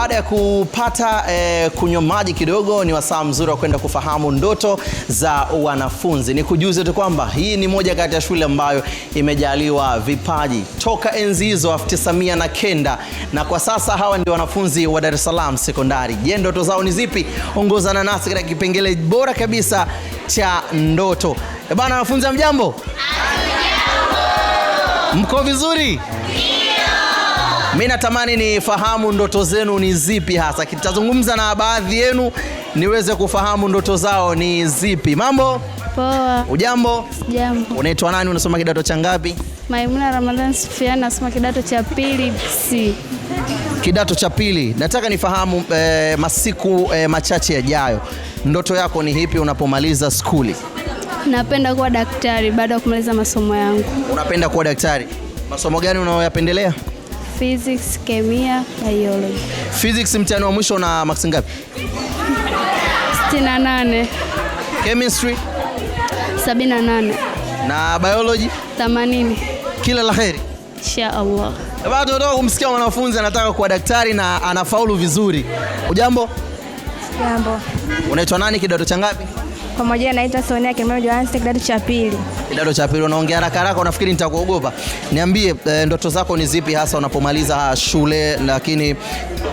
Baada ya kupata eh, kunywa maji kidogo, ni wasaa mzuri wa kwenda kufahamu ndoto za wanafunzi. Ni kujuze tu kwamba hii ni moja kati ya shule ambayo imejaliwa vipaji toka enzi hizo elfu na kenda, na kwa sasa hawa ndio wanafunzi wa Dar es Salaam Sekondari. Je, ndoto zao ni zipi? Ongozana nasi katika kipengele bora kabisa cha ndoto. E bana, wanafunzi, mjambo Mko vizuri? mi natamani nifahamu ndoto zenu ni zipi hasa. Kitazungumza na baadhi yenu niweze kufahamu ndoto zao ni zipi. Mambo? Poa. Ujambo? Jambo. Unaitwa nani? Unasoma kidato cha ngapi? Maimuna Ramadhani Sufiani, nasoma kidato cha pili C. Kidato cha pili. Nataka nifahamu eh, masiku eh, machache yajayo ndoto yako ni hipi unapomaliza skuli? Napenda kuwa daktari baada ya kumaliza masomo yangu. Unapenda kuwa daktari? Masomo gani unayoyapendelea? physics, kemia, biology. Physics mtihani wa mwisho una max ngapi? 68. Chemistry 78. Na biology 80. Kila la heri. Insha Allah. Bado tunataka kumsikia mwanafunzi anataka kuwa daktari na anafaulu vizuri. Ujambo? Jambo. Unaitwa nani, kidato cha ngapi? Pamoja naitwa Sonia Kimemo Johannes, kidato cha pili. Kidato cha pili, unaongea haraka haraka, unafikiri nitakuogopa? Niambie e, ndoto zako ni zipi hasa unapomaliza ah, shule, lakini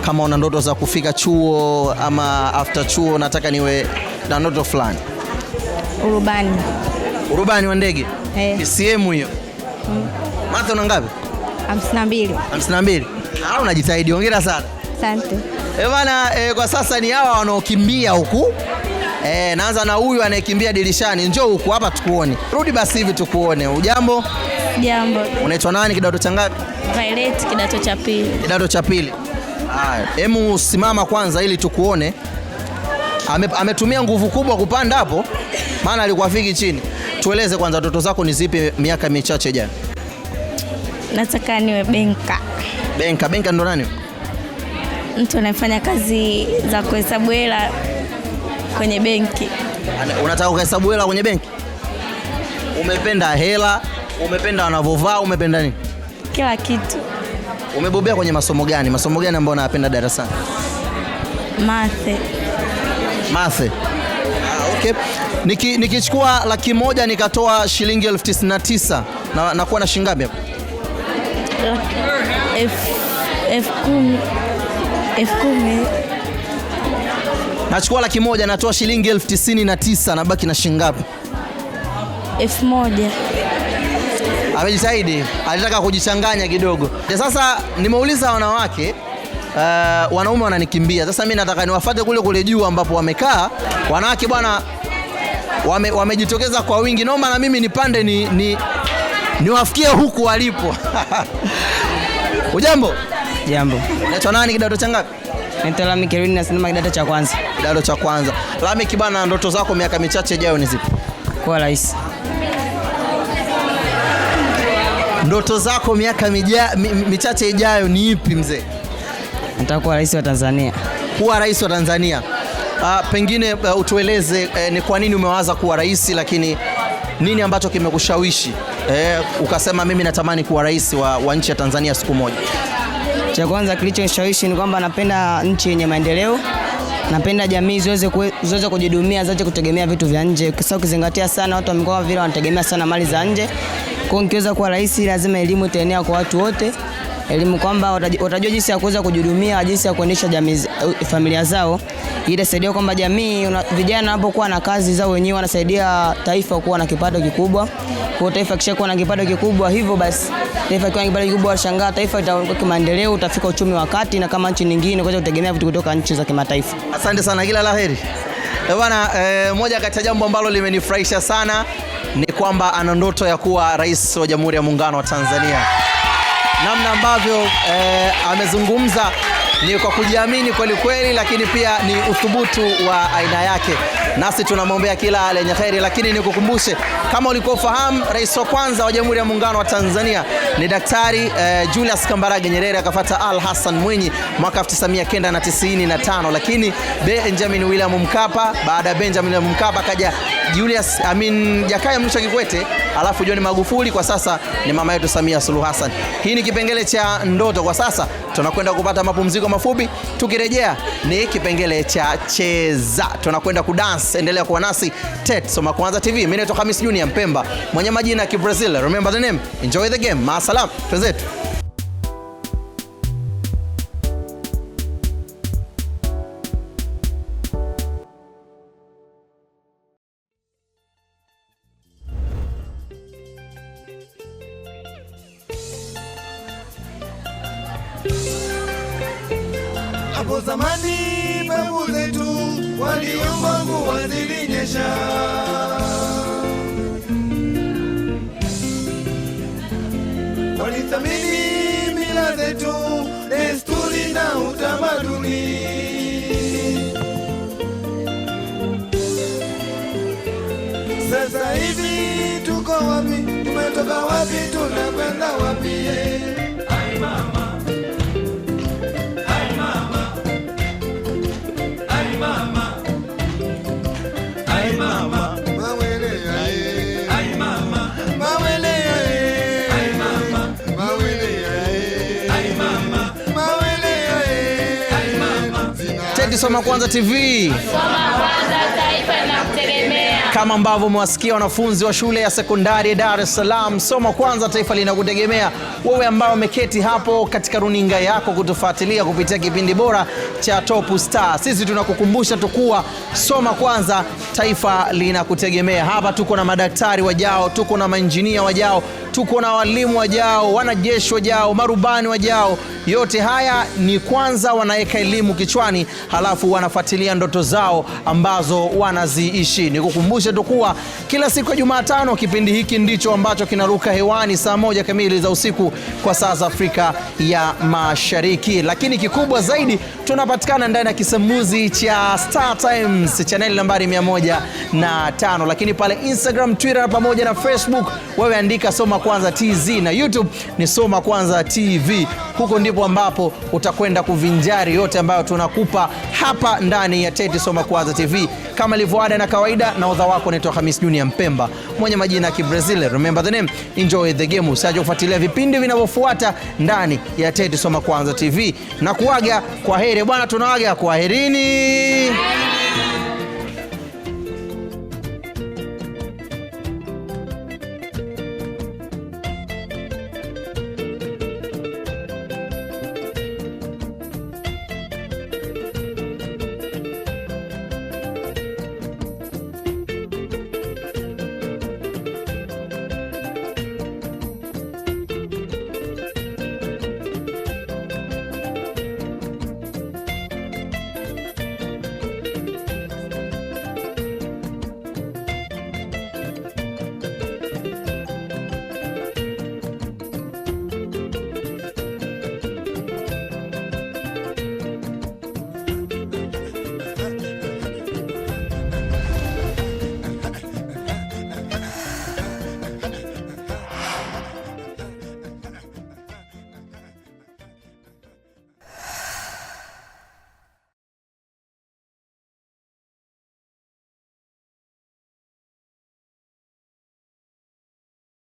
kama una ndoto za kufika chuo ama after chuo, nataka niwe na ndoto fulani. Urubani. Urubani wa ndege. Eh. CM hiyo. Mm. Martha, una ngapi? 52. 52. Ah, unajitahidi. Hongera sana. Asante. Eh, bana, eh, kwa sasa ni hawa wanaokimbia huku Eh, naanza na huyu anayekimbia dirishani, njoo huku hapa tukuone. Rudi basi hivi tukuone. Ujambo? Jambo. Unaitwa nani, kidato cha ngapi? Violet, kidato cha pili. Kidato cha pili. Haya, hemu simama kwanza ili tukuone. Ame, ametumia nguvu kubwa kupanda hapo, maana alikuwa fiki chini. Tueleze kwanza ndoto zako ni zipi miaka michache jana? Nataka niwe benka. Benka, benka ndo nani? Mtu anayefanya kazi za kuhesabu hela kwenye benki. Unataka kuhesabu hela kwenye benki? Umependa hela, umependa wanavyovaa, umependa nini? Kila kitu. Umebobea kwenye masomo gani? Masomo gani ambayo unayapenda darasani? Mathe. Mathe. Ah, okay. Niki, nikichukua laki moja nikatoa shilingi elfu tisini na tisa na na shilingi ngapi? Elfu kumi. Elfu kumi. Nachukua laki moja natoa shilingi elfu tisini na tisa nabaki na shilingi ngapi? elfu moja. Amejitahidi, alitaka kujichanganya kidogo. Sasa nimeuliza wanawake uh, wanaume wananikimbia. Sasa mi nataka niwafate kule kule juu ambapo wamekaa wanawake bwana, wame, wamejitokeza kwa wingi. Naomba na mimi nipande ni, ni, niwafikie huku walipo. Ujambo? Jambo. Naitwa nani, kidato cha ngapi? Naitwa Lamik Herwin nasema kidato cha kwanza. Kidato cha kwanza. Lamik bana, ndoto zako miaka michache ijayo ni zipi? Kuwa rais. Ndoto zako miaka michache ijayo ni ipi mzee? Nataka kuwa rais wa Tanzania. Kuwa rais wa Tanzania. Uh, pengine uh, utueleze uh, ni kwa nini umewaza kuwa rais, lakini nini ambacho kimekushawishi eh, ukasema mimi natamani kuwa rais wa, wa nchi ya Tanzania siku moja? Cha kwanza kilichonishawishi ni kwamba napenda nchi yenye maendeleo, napenda jamii ziweze ziweze kujidumia, zaje kutegemea vitu vya nje, kwa sababu ukizingatia sana watu wa mikoa vile wanategemea sana mali za nje. Kwa nikiweza kuwa rais, lazima elimu itaenea kwa watu wote, elimu kwamba watajua jinsi ya kuweza kujihudumia, jinsi ya kuendesha jamii, eh, familia zao, ili itasaidia kwamba jamii, vijana wanapokuwa na kazi zao wenyewe wanasaidia taifa kuwa na kipato kikubwa. Kwa taifa kisha kuwa na kipato kikubwa, hivyo basi taifa kiwa na kipato kikubwa, washangaa taifa itakuwa kimaendeleo, utafika uchumi wa kati, na kama nchi nyingine kuweza kutegemea vitu kutoka nchi za kimataifa. Asante sana, kila laheri eh, bwana. Eh, moja kati ya jambo ambalo limenifurahisha sana ni kwamba ana ndoto ya kuwa rais wa Jamhuri ya Muungano wa Tanzania. Namna ambavyo eh, amezungumza ni kwa kujiamini kweli kweli, lakini pia ni uthubutu wa aina yake, nasi tunamwombea kila lenye heri. Lakini nikukumbushe kama ulikuwa ufahamu, rais wa kwanza wa Jamhuri ya Muungano wa Tanzania ni Daktari eh, Julius Kambarage Nyerere, akafata Al Hassan Mwinyi mwaka 1995, lakini Benjamin William Mkapa. Baada ya Benjamin William Mkapa akaja Julius I mean Jakaya Mrisho Kikwete, alafu John Magufuli, kwa sasa ni mama yetu Samia Suluhu Hassan. Hii ni kipengele cha ndoto. Kwa sasa tunakwenda kupata mapumziko mafupi, tukirejea ni kipengele cha cheza, tunakwenda kudance. Endelea kuwa nasi TET Soma Kwanza TV. Mimi naitwa Hamis Junior Mpemba mwenye majina ya Kibrazil. Remember the name, enjoy the game. Maasalam, twenzetu. Hapo zamani babu zetu waliomba mvua zilinyesha. Walithamini mila zetu, desturi na utamaduni. Sasa hivi tuko wapi? Tumetoka wapi? Soma Kwanza TV. Soma Kwanza, taifa linakutegemea. Kama ambavyo umewasikia wanafunzi wa shule ya sekondari ya Dar es Salaam, Soma Kwanza, taifa linakutegemea. Wewe ambao umeketi hapo katika runinga yako kutufuatilia kupitia kipindi bora cha Top Star, sisi tunakukumbusha tukuwa Soma Kwanza, taifa linakutegemea. Hapa tuko na madaktari wajao, tuko na mainjinia wajao, tuko na walimu wajao, wanajeshi wajao, marubani wajao yote haya ni kwanza wanaweka elimu kichwani, halafu wanafuatilia ndoto zao ambazo wanaziishi. Nikukumbushe tu kuwa kila siku ya Jumatano kipindi hiki ndicho ambacho kinaruka hewani saa moja kamili za usiku kwa saa za Afrika ya Mashariki, lakini kikubwa zaidi tunapatikana ndani ya kisamuzi cha Star Times chaneli nambari 105, lakini pale Instagram, Twitter pamoja na Facebook wewe andika Soma Kwanza TZ na YouTube ni Soma Kwanza TV. Huko ndipo ndipo ambapo utakwenda kuvinjari yote ambayo tunakupa hapa ndani ya Teti Soma Kwanza TV kama ilivyo na kawaida, na odha wako naitwa Hamis Junior Mpemba, mwenye majina ya Kibrazil. Remember the name, enjoy the game. Usiache kufuatilia vipindi vinavyofuata ndani ya Teti Soma Kwanza TV na kuaga kwa heri bwana, herini, kwaherini.